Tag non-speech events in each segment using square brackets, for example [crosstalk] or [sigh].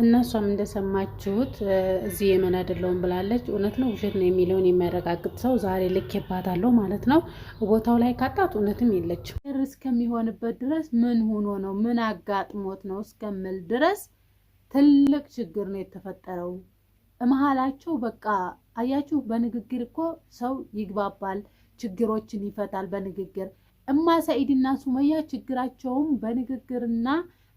እነሷም እንደሰማችሁት እዚህ የመን አይደለውም ብላለች። እውነት ነው ውሸት ነው የሚለውን የሚያረጋግጥ ሰው ዛሬ ልኬባታለሁ ማለት ነው። ቦታው ላይ ካጣት እውነትም የለችም። ር እስከሚሆንበት ድረስ ምን ሆኖ ነው ምን አጋጥሞት ነው እስከምል ድረስ ትልቅ ችግር ነው የተፈጠረው። መሀላቸው በቃ አያችሁ፣ በንግግር እኮ ሰው ይግባባል፣ ችግሮችን ይፈታል በንግግር። እማ ሰኢድና ሱመያ ችግራቸውም በንግግርና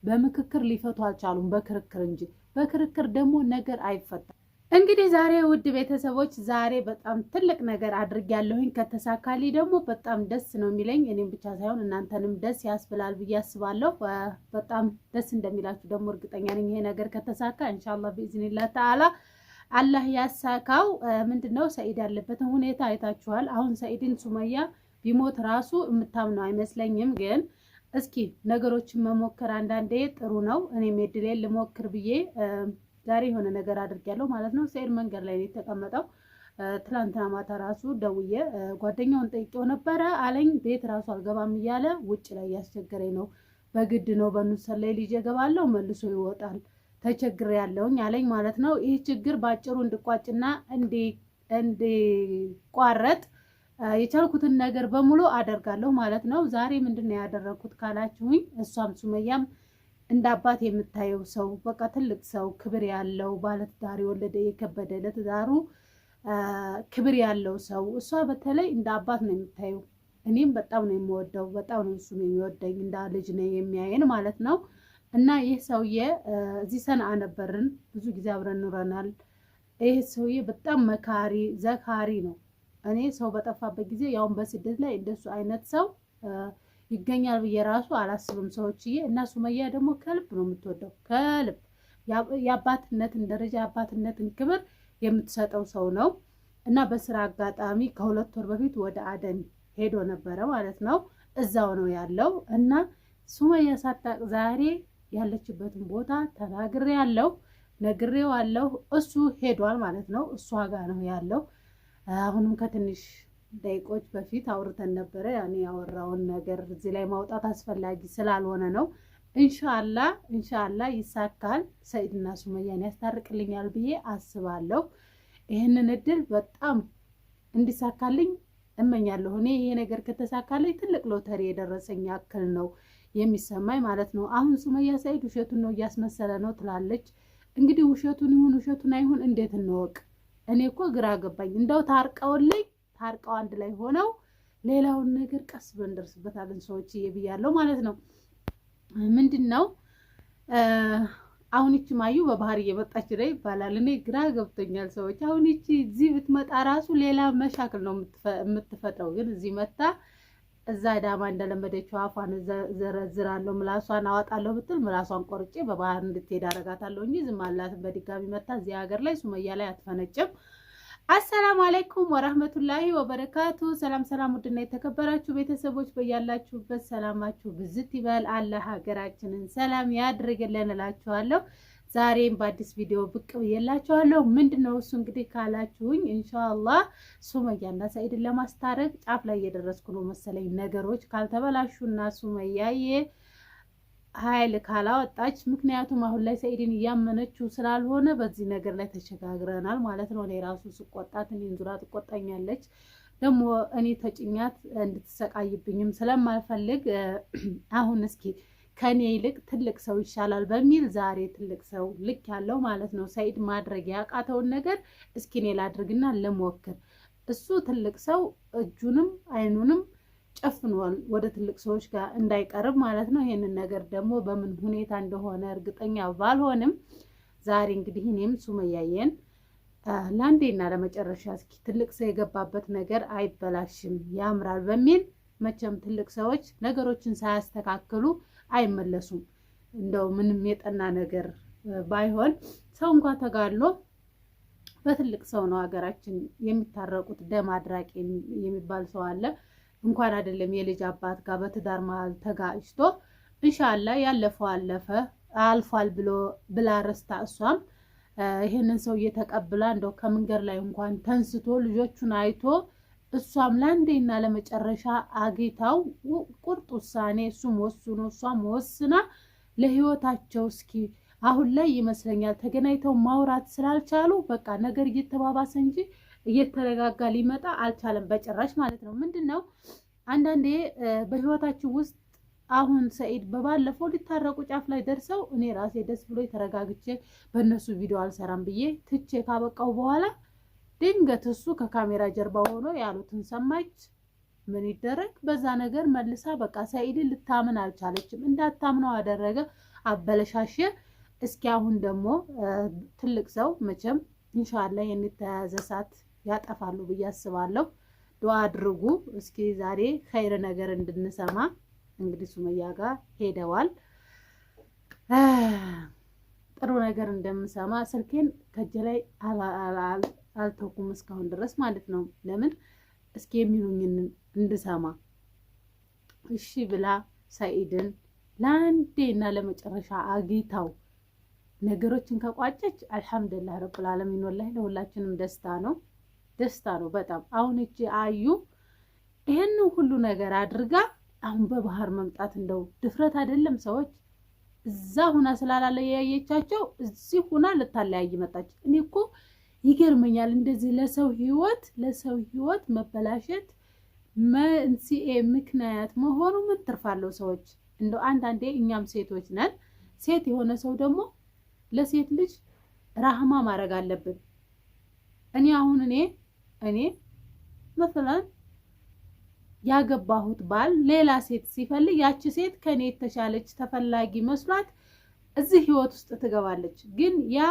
በምክክር ሊፈቱ አልቻሉም፣ በክርክር እንጂ። በክርክር ደግሞ ነገር አይፈታም። እንግዲህ ዛሬ ውድ ቤተሰቦች ዛሬ በጣም ትልቅ ነገር አድርጌያለሁኝ። ከተሳካሊ ደግሞ በጣም ደስ ነው የሚለኝ እኔም ብቻ ሳይሆን እናንተንም ደስ ያስብላል ብዬ አስባለሁ። በጣም ደስ እንደሚላችሁ ደግሞ እርግጠኛ ነኝ። ይሄ ነገር ከተሳካ እንሻላ ቢኢዝኒላህ ተዓላ አላህ ያሳካው። ምንድነው ሰኢድ ያለበትን ሁኔታ አይታችኋል። አሁን ሰኢድን ሱመያ ቢሞት ራሱ የምታምነው አይመስለኝም ግን እስኪ ነገሮችን መሞከር አንዳንዴ ጥሩ ነው። እኔም እድሌን ልሞክር ብዬ ዛሬ የሆነ ነገር አድርጌያለሁ ማለት ነው። ሰኢድ መንገድ ላይ ነው የተቀመጠው። ትላንትና ማታ ራሱ ደውዬ ጓደኛውን ጠይቄው ነበረ አለኝ ቤት ራሱ አልገባም እያለ ውጭ ላይ እያስቸገረ ነው በግድ ነው በምስል ላይ ልጅ እገባለሁ መልሶ ይወጣል ተቸግር ያለውኝ አለኝ ማለት ነው። ይህ ችግር በአጭሩ እንድቋጭና እንዲቋረጥ የቻልኩትን ነገር በሙሉ አደርጋለሁ ማለት ነው። ዛሬ ምንድን ነው ያደረግኩት ካላችሁኝ፣ እሷም ሱመያም እንደ አባት የምታየው ሰው በቃ ትልቅ ሰው ክብር ያለው ባለትዳር የወለደ የከበደ ለትዳሩ ክብር ያለው ሰው እሷ በተለይ እንደ አባት ነው የምታየው። እኔም በጣም ነው የምወደው፣ በጣም ነው እሱም የሚወደኝ እንደ ልጅ ነው የሚያየን ማለት ነው። እና ይህ ሰውዬ እዚህ ሰን ነበርን፣ ብዙ ጊዜ አብረን ኑረናል። ይህ ሰውዬ በጣም መካሪ ዘካሪ ነው እኔ ሰው በጠፋበት ጊዜ ያውን በስደት ላይ እንደሱ አይነት ሰው ይገኛል ብዬ ራሱ አላስብም ሰዎችዬ። እና ሱመያ ደግሞ ከልብ ነው የምትወደው ከልብ የአባትነትን ደረጃ የአባትነትን ክብር የምትሰጠው ሰው ነው እና በስራ አጋጣሚ ከሁለት ወር በፊት ወደ አደን ሄዶ ነበረ ማለት ነው። እዛው ነው ያለው እና ሱመያ ሳታቅ ዛሬ ያለችበትን ቦታ ተናግሬ ያለው ነግሬው አለው እሱ ሄዷል ማለት ነው። እሷ ጋር ነው ያለው። አሁንም ከትንሽ ደቂቆች በፊት አውርተን ነበረ። ያኔ ያወራውን ነገር እዚህ ላይ ማውጣት አስፈላጊ ስላልሆነ ነው። እንሻላ እንሻላ ይሳካል። ሰኢድና ሱመያን ያስታርቅልኛል ብዬ አስባለሁ። ይህንን እድል በጣም እንዲሳካልኝ እመኛለሁ። እኔ ይሄ ነገር ከተሳካልኝ ትልቅ ሎተሪ የደረሰኝ ያክል ነው የሚሰማኝ ማለት ነው። አሁን ሱመያ ሰኢድ ውሸቱን ነው እያስመሰለ ነው ትላለች። እንግዲህ ውሸቱን ይሁን ውሸቱን አይሁን እንዴት እንወቅ? እኔ እኮ ግራ ገባኝ። እንደው ታርቀውልኝ ታርቀው አንድ ላይ ሆነው ሌላውን ነገር ቀስ ብለን እንደርስበታለን ሰዎች ብያለሁ ማለት ነው። ምንድን ነው አሁን ይቺ ማዩ በባህር እየመጣች ላይ ይባላል። እኔ ግራ ገብቶኛል ሰዎች። አሁን ይቺ እዚህ ብትመጣ ራሱ ሌላ መሻክል ነው የምትፈጥረው፣ ግን እዚህ መጣ እዛ ዳማ እንደለመደችው አፏን ዘረዝራለሁ፣ ምላሷን አወጣለሁ ብትል ምላሷን ቆርጬ በባህር እንድትሄድ አረጋታለሁ እንጂ ዝም አላትም። በድጋሚ መታ እዚህ ሀገር ላይ ሱመያ ላይ አትፈነጭም። አሰላሙ አለይኩም ወረህመቱላሂ ወበረካቱ። ሰላም ሰላም፣ ውድና የተከበራችሁ ቤተሰቦች በያላችሁበት ሰላማችሁ ብዝት ይበል። አለ ሀገራችንን ሰላም ያድርግልን እላችኋለሁ። ዛሬም በአዲስ ቪዲዮ ብቅ ብዬላችኋለሁ። ምንድን ነው እሱ እንግዲህ ካላችሁኝ ሱመያ ሱመያና ሰኢድን ለማስታረቅ ጫፍ ላይ እየደረስኩ ነው መሰለኝ። ነገሮች ካልተበላሹ ካልተበላሹና ሱመያዬ ኃይል ካላወጣች፣ ምክንያቱም አሁን ላይ ሰኢድን እያመነችው ስላልሆነ በዚህ ነገር ላይ ተሸጋግረናል ማለት ነው። እኔ ራሱ ስቆጣት እኔን ዙራ ትቆጣኛለች። ደግሞ እኔ ተጭኛት እንድትሰቃይብኝም ስለማልፈልግ [clears throat] አሁን እስኪ ከኔ ይልቅ ትልቅ ሰው ይሻላል በሚል ዛሬ ትልቅ ሰው ልክ ያለው ማለት ነው ሰኢድ ማድረግ ያቃተውን ነገር እስኪ እኔ ላድርግና ልሞክር። እሱ ትልቅ ሰው እጁንም አይኑንም ጨፍኗል ወደ ትልቅ ሰዎች ጋር እንዳይቀርብ ማለት ነው። ይህንን ነገር ደግሞ በምን ሁኔታ እንደሆነ እርግጠኛ ባልሆንም ዛሬ እንግዲህ እኔም ሱመያየን ለአንዴና ለመጨረሻ እስኪ ትልቅ ሰው የገባበት ነገር አይበላሽም፣ ያምራል በሚል መቼም ትልቅ ሰዎች ነገሮችን ሳያስተካክሉ አይመለሱም። እንደው ምንም የጠና ነገር ባይሆን ሰው እንኳ ተጋሎ በትልቅ ሰው ነው ሀገራችን የሚታረቁት። ደም አድራቂ የሚባል ሰው አለ። እንኳን አይደለም የልጅ አባት ጋር በትዳር መሀል ተጋጭቶ እንሻላ ያለፈው አለፈ አልፏል ብሎ ብላ ረስታ እሷም ይህንን ሰው እየተቀብላ እንደው ከመንገድ ላይ እንኳን ተንስቶ ልጆቹን አይቶ እሷም ለአንዴና ለመጨረሻ አጌታው ቁርጥ ውሳኔ እሱም ወስኖ እሷም ወስና ለህይወታቸው እስኪ አሁን ላይ ይመስለኛል ተገናኝተው ማውራት ስላልቻሉ በቃ ነገር እየተባባሰ እንጂ እየተረጋጋ ሊመጣ አልቻለም በጭራሽ ማለት ነው። ምንድን ነው አንዳንዴ በህይወታችን ውስጥ አሁን ሰኢድ በባለፈው ሊታረቁ ጫፍ ላይ ደርሰው እኔ ራሴ ደስ ብሎ ተረጋግቼ በእነሱ ቪዲዮ አልሰራም ብዬ ትቼ ካበቃው በኋላ ድንገት እሱ ከካሜራ ጀርባ ሆኖ ያሉትን ሰማች። ምን ይደረግ በዛ ነገር መልሳ በቃ ሰኢድን ልታምን አልቻለችም። እንዳታምነው አደረገ፣ አበለሻሸ። እስኪ አሁን ደግሞ ትልቅ ሰው መቼም ኢንሻላ የሚተያዘ ሰዓት ያጠፋሉ ብዬ አስባለሁ። ዱዓ አድርጉ እስኪ ዛሬ ኸይር ነገር እንድንሰማ። እንግዲህ ሱመያ ጋር ሄደዋል። ጥሩ ነገር እንደምሰማ ስልኬን ከእጄ ላይ አልተውኩም እስካሁን ድረስ ማለት ነው። ለምን እስኪ የሚሉኝን እንድሰማ። እሺ ብላ ሰኢድን ለአንዴ እና ለመጨረሻ አግኝታው ነገሮችን ከቋጨች አልሐምዱሊላህ ረብል ዓለሚን ወላሂ ለሁላችንም ደስታ ነው፣ ደስታ ነው በጣም አሁን እቺ አዩ ይህን ሁሉ ነገር አድርጋ አሁን በባህር መምጣት እንደው ድፍረት አይደለም። ሰዎች እዛ ሁና ስላላለያየቻቸው እዚህ ሁና ልታለያይ መጣች። እኔ እኮ ይገርመኛል። እንደዚህ ለሰው ህይወት ለሰው ህይወት መበላሸት መንስኤ ምክንያት መሆኑ ምን ትርፍ አለው? ሰዎች እንደ አንዳንዴ እኛም ሴቶች ነን። ሴት የሆነ ሰው ደግሞ ለሴት ልጅ ራህማ ማድረግ አለብን። እኔ አሁን እኔ እኔ መሰለን ያገባሁት ባል ሌላ ሴት ሲፈልግ ያቺ ሴት ከኔ የተሻለች ተፈላጊ መስሏት እዚህ ህይወት ውስጥ ትገባለች ግን ያ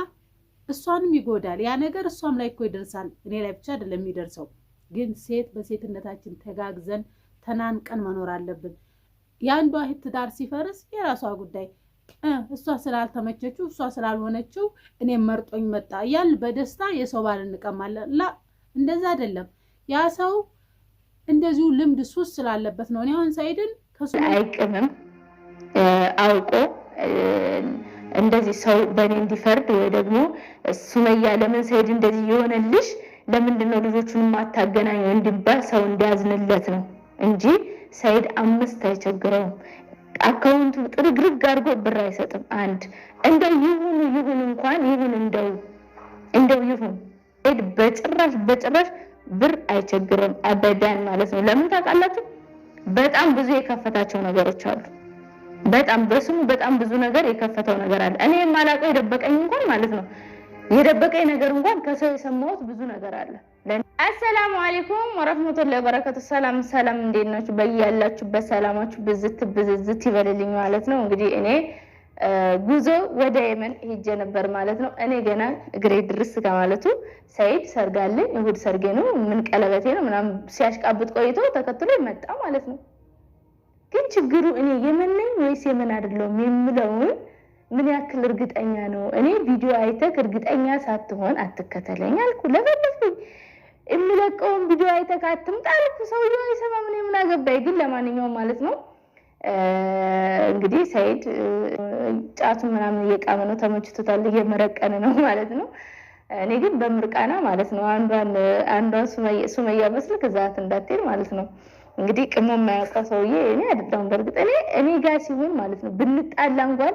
እሷንም ይጎዳል። ያ ነገር እሷም ላይ እኮ ይደርሳል። እኔ ላይ ብቻ አይደለም የሚደርሰው። ግን ሴት በሴትነታችን ተጋግዘን ተናንቀን መኖር አለብን። የአንዷ እህት ትዳር ሲፈርስ የራሷ ጉዳይ እሷ ስላልተመቸችው እሷ ስላልሆነችው እኔም መርጦኝ መጣ እያል በደስታ የሰው ባል እንቀማለን። ላ እንደዛ አይደለም። ያ ሰው እንደዚሁ ልምድ ሱስ ስላለበት ነው። እኔ አሁን ሳይድን ከሱ አይቅምም አውቆ እንደዚህ ሰው በእኔ እንዲፈርድ ወይ ደግሞ ሱመያ ለምን ሰይድ እንደዚህ የሆነልሽ ለምንድን ነው ልጆቹን ማታገናኙ እንዲባል ሰው እንዲያዝንለት ነው እንጂ ሰይድ አምስት አይቸግረውም። አካውንቱ ጥርግርግ አድርጎ ብር አይሰጥም። አንድ እንደው ይሁን ይሁን እንኳን ይሁን እንደው እንደው ይሁን ሰይድ በጭራሽ በጭራሽ ብር አይቸግርም። አበዳን ማለት ነው። ለምን ታውቃላችሁ? በጣም ብዙ የከፈታቸው ነገሮች አሉ። በጣም በስሙ በጣም ብዙ ነገር የከፈተው ነገር አለ። እኔ የማላውቀው የደበቀኝ እንኳን ማለት ነው የደበቀኝ ነገር እንኳን ከሰው የሰማሁት ብዙ ነገር አለ። አሰላሙ አሌይኩም ወረህመቱላሂ ወበረካቱ። ሰላም ሰላም፣ እንዴት ናችሁ? በያላችሁበት ሰላማችሁ ብዝት ብዝዝት ይበልልኝ ማለት ነው። እንግዲህ እኔ ጉዞ ወደ የመን ሄጄ ነበር ማለት ነው። እኔ ገና እግሬ ድርስ ከማለቱ ሰይድ ሰርጋለኝ እሁድ ሰርጌ ነው ምን ቀለበቴ ነው ምናምን ሲያሽቃብጥ ቆይቶ ተከትሎ ይመጣ ማለት ነው ግን ችግሩ እኔ የመን ነኝ ወይስ የመን አይደለሁም የምለውን ምን ያክል እርግጠኛ ነው? እኔ ቪዲዮ አይተክ እርግጠኛ ሳትሆን አትከተለኝ አልኩ። ለፈለፍኝ የምለቀውን ቪዲዮ አይተክ አትምጣ አልኩ። ሰውየው አይሰማም፣ እኔ ምን አገባኝ። ግን ለማንኛውም ማለት ነው እንግዲህ ሰይድ ጫቱን ምናምን እየቃመ ነው፣ ተመችቶታል፣ እየመረቀን ነው ማለት ነው። እኔ ግን በምርቃና ማለት ነው አንዷን ሱመያ መስልክ እዛት እንዳትሄድ ማለት ነው እንግዲህ ቅሞ የማያውቀው ሰውዬ እኔ አይደለሁም። በእርግጥ እኔ እኔ ጋር ሲሆን ማለት ነው ብንጣላ እንኳን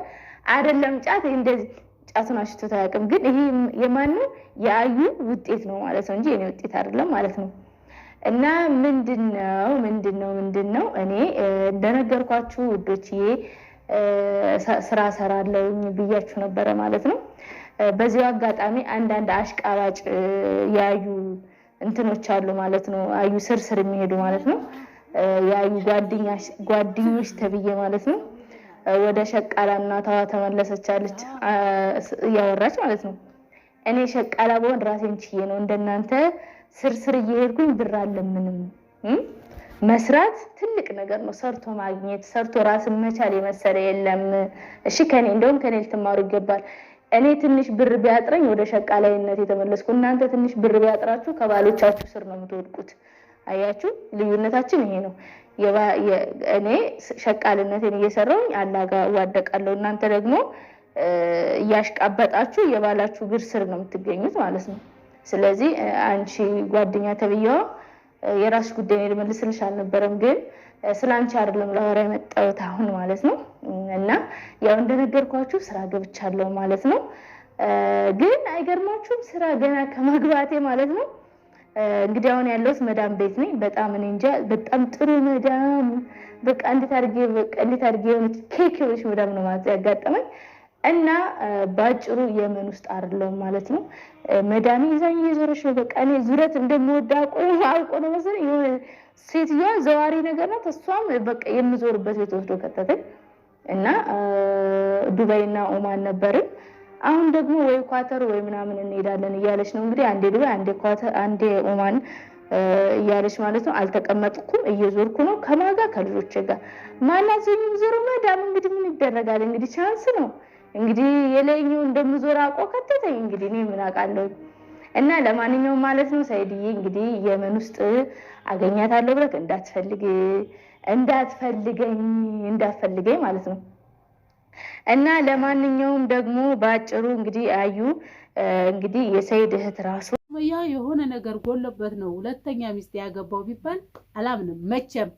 አይደለም ጫት እንደዚህ ጫትን አሽቶት አያውቅም። ግን ይሄ የማንም የአዩ ውጤት ነው ማለት ነው እንጂ እኔ ውጤት አይደለም ማለት ነው። እና ምንድን ነው ምንድን ነው ምንድን ነው እኔ እንደነገርኳችሁ ውዶችዬ ስራ አለውኝ ብያችሁ ነበረ ማለት ነው። በዚሁ አጋጣሚ አንዳንድ አሽቃባጭ ያዩ እንትኖች አሉ ማለት ነው። አዩ ስር ስር የሚሄዱ ማለት ነው። ያዩ ጓደኞች ተብዬ ማለት ነው። ወደ ሸቃላ እናታዋ ተመለሰቻለች እያወራች ማለት ነው። እኔ ሸቃላ በሆን ራሴን ችዬ ነው እንደናንተ ስርስር እየሄድኩኝ ብር አለምንም። መስራት ትልቅ ነገር ነው። ሰርቶ ማግኘት ሰርቶ ራስን መቻል የመሰለ የለም። እሺ ከኔ እንደውም ከኔ ልትማሩ ይገባል። እኔ ትንሽ ብር ቢያጥረኝ ወደ ሸቃላይነት የተመለስኩ፣ እናንተ ትንሽ ብር ቢያጥራችሁ ከባሎቻችሁ ስር ነው የምትወድቁት። አያችሁ፣ ልዩነታችን ይሄ ነው። እኔ ሸቃልነትን እየሰራሁኝ አላጋ እዋደቃለሁ፣ እናንተ ደግሞ እያሽቃበጣችሁ የባላችሁ ግር ስር ነው የምትገኙት ማለት ነው። ስለዚህ አንቺ ጓደኛ ተብዬዋ የራስሽ ጉዳይ ልመልስልሽ አልነበረም፣ ግን ስለ አንቺ አይደለም ላወራ የመጣሁት አሁን ማለት ነው። እና ያው እንደነገርኳችሁ ስራ ገብቻለሁ ማለት ነው። ግን አይገርማችሁም? ስራ ገና ከመግባቴ ማለት ነው እንግዲህ አሁን ያለሁት መዳም ቤት ነኝ። በጣም እኔ እንጃ በጣም ጥሩ መዳም በቃ እንዴት አድርጌ በቃ እንዴት አድርጌ የሆነች ኬክ የሆነች መዳም ነው ማለት ያጋጠመኝ እና በአጭሩ የመን ውስጥ አይደለሁም ማለት ነው። መዳሜ ይዛኝ እየዞረች ነው። በቃ እኔ ዙረት እንደምወዳ ቆሞ አውቆ ነው መሰለኝ የሆነ ሴትዮዋ ዘዋሪ ነገር ናት። እሷም በቃ የምዞርበት ቤት ወስዶ ከተተኝ እና ዱባይ እና ኦማን ነበርን። አሁን ደግሞ ወይ ኳተር ወይ ምናምን እንሄዳለን እያለች ነው እንግዲህ አንዴ ዱባይ አንዴ ኳተር አንዴ ኦማን እያለች ማለት ነው። አልተቀመጥኩም፣ እየዞርኩ ነው። ከማጋ ከልጆች ጋር ማናዘኝም ዞሮ መዳም እንግዲህ ምን ይደረጋል እንግዲህ ቻንስ ነው እንግዲህ የለየው እንደምዞር አቆ ከተተኝ እንግዲህ እኔ ምን አውቃለሁ። እና ለማንኛውም ማለት ነው ሳይድዬ እንግዲህ የመን ውስጥ አገኛታለሁ ብለህ እንዳትፈልግ እንዳትፈልገኝ እንዳትፈልገኝ ማለት ነው እና ለማንኛውም ደግሞ በአጭሩ እንግዲህ አዩ እንግዲህ የሰይድ እህት ራሱ ያ የሆነ ነገር ጎሎበት ነው ሁለተኛ ሚስት ያገባው ቢባል አላምንም፣ መቼም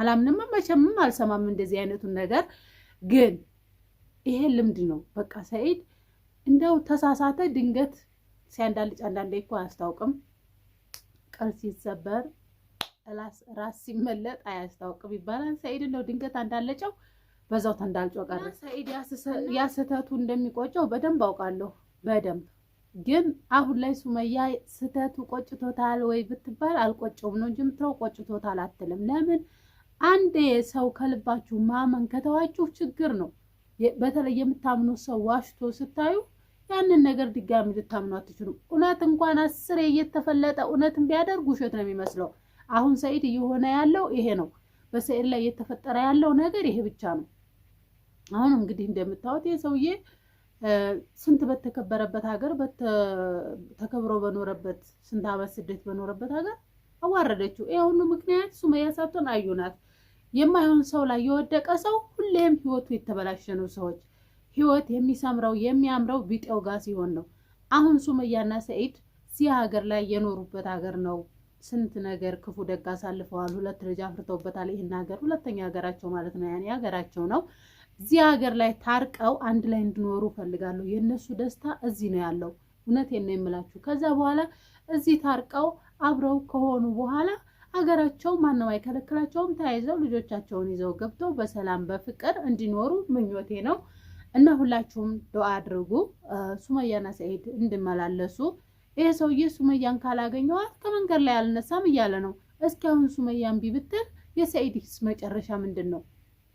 አላምንም፣ መቼምም አልሰማም እንደዚህ አይነቱን ነገር። ግን ይሄ ልምድ ነው በቃ ሰይድ እንደው ተሳሳተ ድንገት ሲያንዳልጭ አንዳንዴ እኮ አያስታውቅም። ቀን ሲሰበር ራስ ሲመለጥ አያስታውቅም ይባላል። ሰይድ ነው ድንገት አንዳለጨው በዛው ተንዳልጮ ቀረ። ሰኢድ እንደሚቆጨው በደንብ አውቃለሁ። በደንብ ግን አሁን ላይ ሱመያ ስተቱ ቆጭቶታል ወይ ብትባል አልቆጨውም ነው እንጂ የምትለው ቆጭቶታል አትልም። ለምን አንዴ ሰው ከልባችሁ ማመን ከተዋችሁ ችግር ነው። በተለይ የምታምኑት ሰው ዋሽቶ ስታዩ ያንን ነገር ድጋሚ ልታምኑ አትችሉ። እውነት እንኳን አስሬ እየተፈለጠ እውነትን ቢያደርግ ውሸት ነው የሚመስለው። አሁን ሰኢድ እየሆነ ያለው ይሄ ነው። በሰኢድ ላይ እየተፈጠረ ያለው ነገር ይሄ ብቻ ነው። አሁን እንግዲህ እንደምታዩት የሰውዬ ሰውዬ ስንት በተከበረበት ሀገር ተከብሮ በኖረበት ስንት አመት ስደት በኖረበት ሀገር አዋረደችው። ይህ ሁሉ ምክንያት ሱመያ ሳትሆን አዩ ናት። የማይሆን ሰው ላይ የወደቀ ሰው ሁሌም ህይወቱ የተበላሸ ነው። ሰዎች ህይወት የሚሰምረው የሚያምረው ቢጤው ጋር ሲሆን ነው። አሁን ሱመያና ሰኢድ እዚህ ሀገር ላይ የኖሩበት ሀገር ነው። ስንት ነገር ክፉ ደግ አሳልፈዋል። ሁለት ልጅ አፍርተውበታል። ይህን ሀገር ሁለተኛ ሀገራቸው ማለት ነው። ያኔ ሀገራቸው ነው። እዚህ ሀገር ላይ ታርቀው አንድ ላይ እንዲኖሩ ፈልጋለሁ የእነሱ ደስታ እዚህ ነው ያለው። እውነቴን ነው የምላችሁ። ከዛ በኋላ እዚህ ታርቀው አብረው ከሆኑ በኋላ ሀገራቸው ማንም አይከለክላቸውም። ተያይዘው ልጆቻቸውን ይዘው ገብተው በሰላም በፍቅር እንዲኖሩ ምኞቴ ነው እና ሁላችሁም ዱአ አድርጉ ሱመያና ሰኢድ እንዲመላለሱ። ይህ ሰውዬ ሱመያን ካላገኘዋት ከመንገድ ላይ አልነሳም እያለ ነው። እስኪ አሁን ሱመያን ቢብትል የሰኢድስ መጨረሻ ምንድን ነው?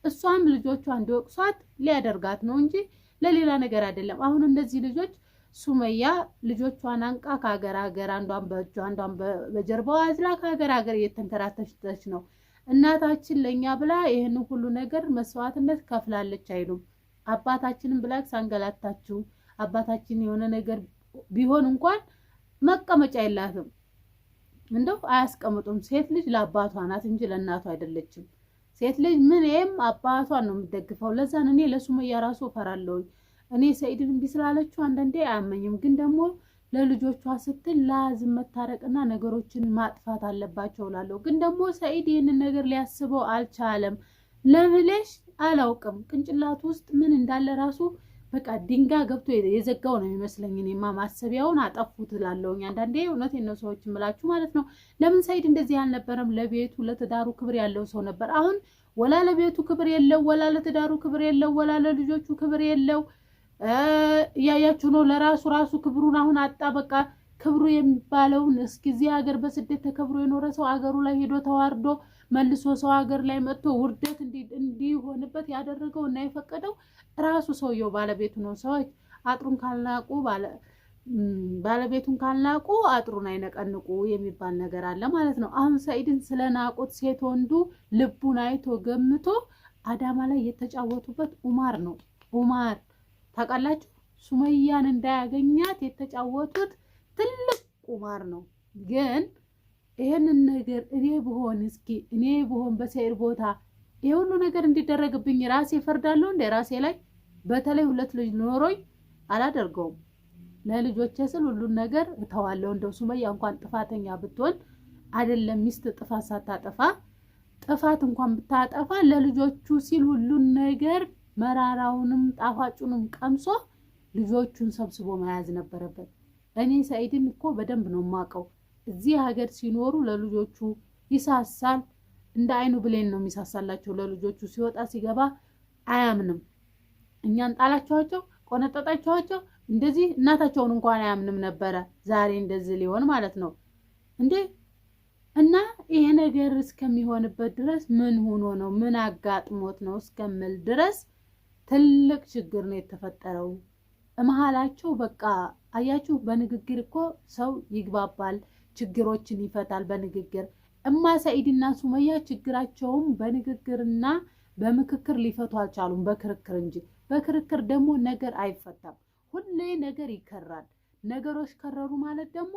እሷም ልጆቿ እንዲወቅሷት ሊያደርጋት ነው እንጂ ለሌላ ነገር አይደለም። አሁን እነዚህ ልጆች ሱመያ ልጆቿን አንቃ ከሀገር ሀገር አንዷን በእጇ አንዷን በጀርባዋ አዝላ ከሀገር ሀገር እየተንተራተች ነው። እናታችን ለእኛ ብላ ይህን ሁሉ ነገር መስዋዕትነት ከፍላለች አይሉም። አባታችንን ብላ ሳንገላታችሁ አባታችን የሆነ ነገር ቢሆን እንኳን መቀመጫ የላትም። እንደው አያስቀምጡም። ሴት ልጅ ለአባቷ ናት እንጂ ለእናቷ አይደለችም። ሴት ልጅ ምንም አባቷን ነው የምደግፈው። ለዛን እኔ ለሱመያ ራሱ እፈራለሁኝ። እኔ ሰኢድን እምቢ ስላለችው አንዳንዴ አያመኝም፣ ግን ደግሞ ለልጆቿ ስትል ላዝም መታረቅና ነገሮችን ማጥፋት አለባቸው እላለሁ። ግን ደግሞ ሰኢድ ይህንን ነገር ሊያስበው አልቻለም። ለምሌሽ አላውቅም ቅንጭላት ውስጥ ምን እንዳለ ራሱ በቃ ድንጋይ ገብቶ የዘጋው ነው የሚመስለኝ። እኔማ ማሰቢያውን አጠፉት እላለሁኝ አንዳንዴ። እውነቴን ነው ሰዎች የምላችሁ ማለት ነው። ለምን ሳይድ እንደዚህ አልነበረም? ለቤቱ ለትዳሩ ክብር ያለው ሰው ነበር። አሁን ወላ ለቤቱ ክብር የለው፣ ወላ ለትዳሩ ክብር የለው፣ ወላ ለልጆቹ ክብር የለው። እያያችሁ ነው። ለራሱ ራሱ ክብሩን አሁን አጣ በቃ ክብሩ የሚባለውን እስኪ እዚህ ሀገር በስደት ተከብሮ የኖረ ሰው አገሩ ላይ ሄዶ ተዋርዶ መልሶ ሰው ሀገር ላይ መጥቶ ውርደት እንዲሆንበት ያደረገው እና የፈቀደው ራሱ ሰውየው ባለቤቱ ነው። ሰዎች አጥሩን ካልናቁ ባለቤቱን ካልናቁ አጥሩን አይነቀንቁ የሚባል ነገር አለ ማለት ነው። አሁን ሰኢድን ስለናቁት ሴት ወንዱ ልቡን አይቶ ገምቶ አዳማ ላይ የተጫወቱበት ኡማር ነው። ኡማር ታውቃላችሁ፣ ሱመያን እንዳያገኛት የተጫወቱት ትልቅ ቁማር ነው። ግን ይህንን ነገር እኔ ብሆን እስኪ እኔ ብሆን በሰይድ ቦታ ይህ ሁሉ ነገር እንዲደረግብኝ ራሴ ፈርዳለሁ እንደ ራሴ ላይ በተለይ ሁለት ልጅ ኖሮኝ አላደርገውም። ለልጆቼ ስል ሁሉን ነገር እተዋለሁ። እንደው ሱመያ እንኳን ጥፋተኛ ብትሆን አይደለም ሚስት ጥፋት ሳታጠፋ ጥፋት እንኳን ብታጠፋ ለልጆቹ ሲል ሁሉን ነገር መራራውንም ጣፋጩንም ቀምሶ ልጆቹን ሰብስቦ መያዝ ነበረበት። እኔ ሰኢድን እኮ በደንብ ነው የማውቀው። እዚህ ሀገር ሲኖሩ ለልጆቹ ይሳሳል። እንደ አይኑ ብሌን ነው የሚሳሳላቸው ለልጆቹ። ሲወጣ ሲገባ አያምንም። እኛን ጣላችኋቸው፣ ቆነጠጣችኋቸው፣ እንደዚህ እናታቸውን እንኳን አያምንም ነበረ። ዛሬ እንደዚህ ሊሆን ማለት ነው እንዴ! እና ይሄ ነገር እስከሚሆንበት ድረስ ምን ሆኖ ነው ምን አጋጥሞት ነው እስከምል ድረስ ትልቅ ችግር ነው የተፈጠረው። መሀላቸው በቃ አያችሁ፣ በንግግር እኮ ሰው ይግባባል፣ ችግሮችን ይፈታል በንግግር። እማ ሰኢድና ሱመያ ችግራቸውም በንግግርና በምክክር ሊፈቱ አልቻሉም፣ በክርክር እንጂ። በክርክር ደግሞ ነገር አይፈታም፣ ሁሌ ነገር ይከራል። ነገሮች ከረሩ ማለት ደግሞ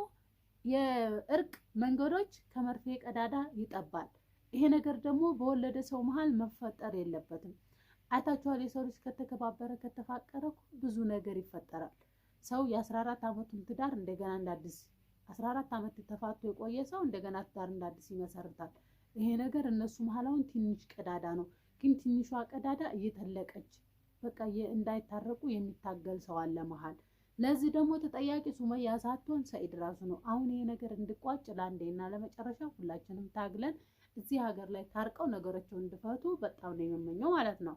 የእርቅ መንገዶች ከመርፌ ቀዳዳ ይጠባል። ይሄ ነገር ደግሞ በወለደ ሰው መሀል መፈጠር የለበትም። አይታችኋል። የሰው ልጅ ከተከባበረ ከተፋቀረ ብዙ ነገር ይፈጠራል። ሰው የ14 ዓመቱን ትዳር እንደገና እንዳዲስ 14 ዓመት ተፋቶ የቆየ ሰው እንደገና ትዳር እንዳዲስ ይመሰርታል። ይሄ ነገር እነሱ መሀል አሁን ትንሽ ቀዳዳ ነው፣ ግን ትንሿ ቀዳዳ እየተለቀች በቃ እንዳይታረቁ የሚታገል ሰው አለ መሀል። ለዚህ ደግሞ ተጠያቂ ሱመያ ሳትሆን ሰኢድ ራሱ ነው። አሁን ይሄ ነገር እንዲቋጭ ለአንዴና ለመጨረሻ ሁላችንም ታግለን እዚህ ሀገር ላይ ታርቀው ነገሮችን እንዲፈቱ በጣም ነው የምመኘው ማለት ነው።